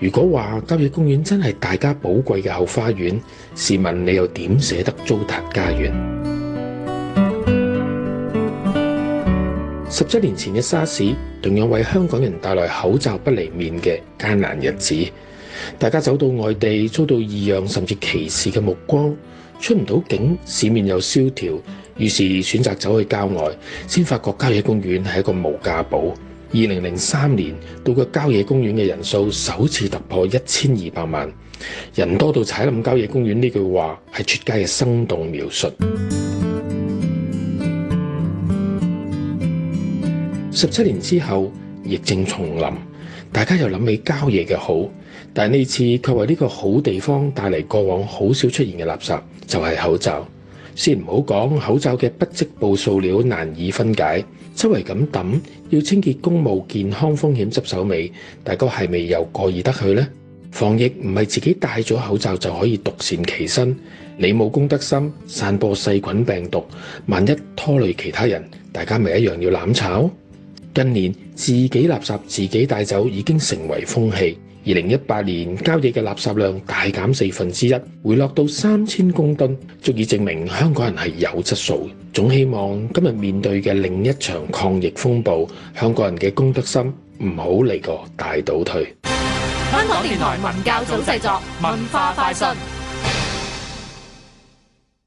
如果話郊野公園真係大家寶貴嘅後花園，試問你又點捨得糟蹋家園？十七年前嘅沙士，同樣為香港人帶來口罩不離面嘅艱難日子。大家走到外地，遭到異樣甚至歧視嘅目光，出唔到境，市面又蕭條，於是選擇走去郊外，先發覺郊野公園係一個無價寶。二零零三年到過郊野公園嘅人數首次突破一千二百萬，人多到踩冧郊野公園呢句話係出街嘅生動描述。十七年之後，疫症重臨，大家又諗起郊野嘅好，但呢次卻為呢個好地方帶嚟過往好少出現嘅垃圾，就係口罩。先唔好講口罩嘅不織布塑料難以分解，周圍咁抌，要清潔公務健康風險執手尾，大家係咪又過意得去呢？防疫唔係自己戴咗口罩就可以獨善其身，你冇公德心，散播細菌病毒，萬一拖累其他人，大家咪一樣要攬炒？近年自己垃圾自己帶走已經成為風氣。二零一八年郊野嘅垃圾量大減四分之一，回落到三千公噸，足以證明香港人係有質素。總希望今日面對嘅另一場抗疫風暴，香港人嘅公德心唔好嚟個大倒退。香港電台文教組製作，文化快訊。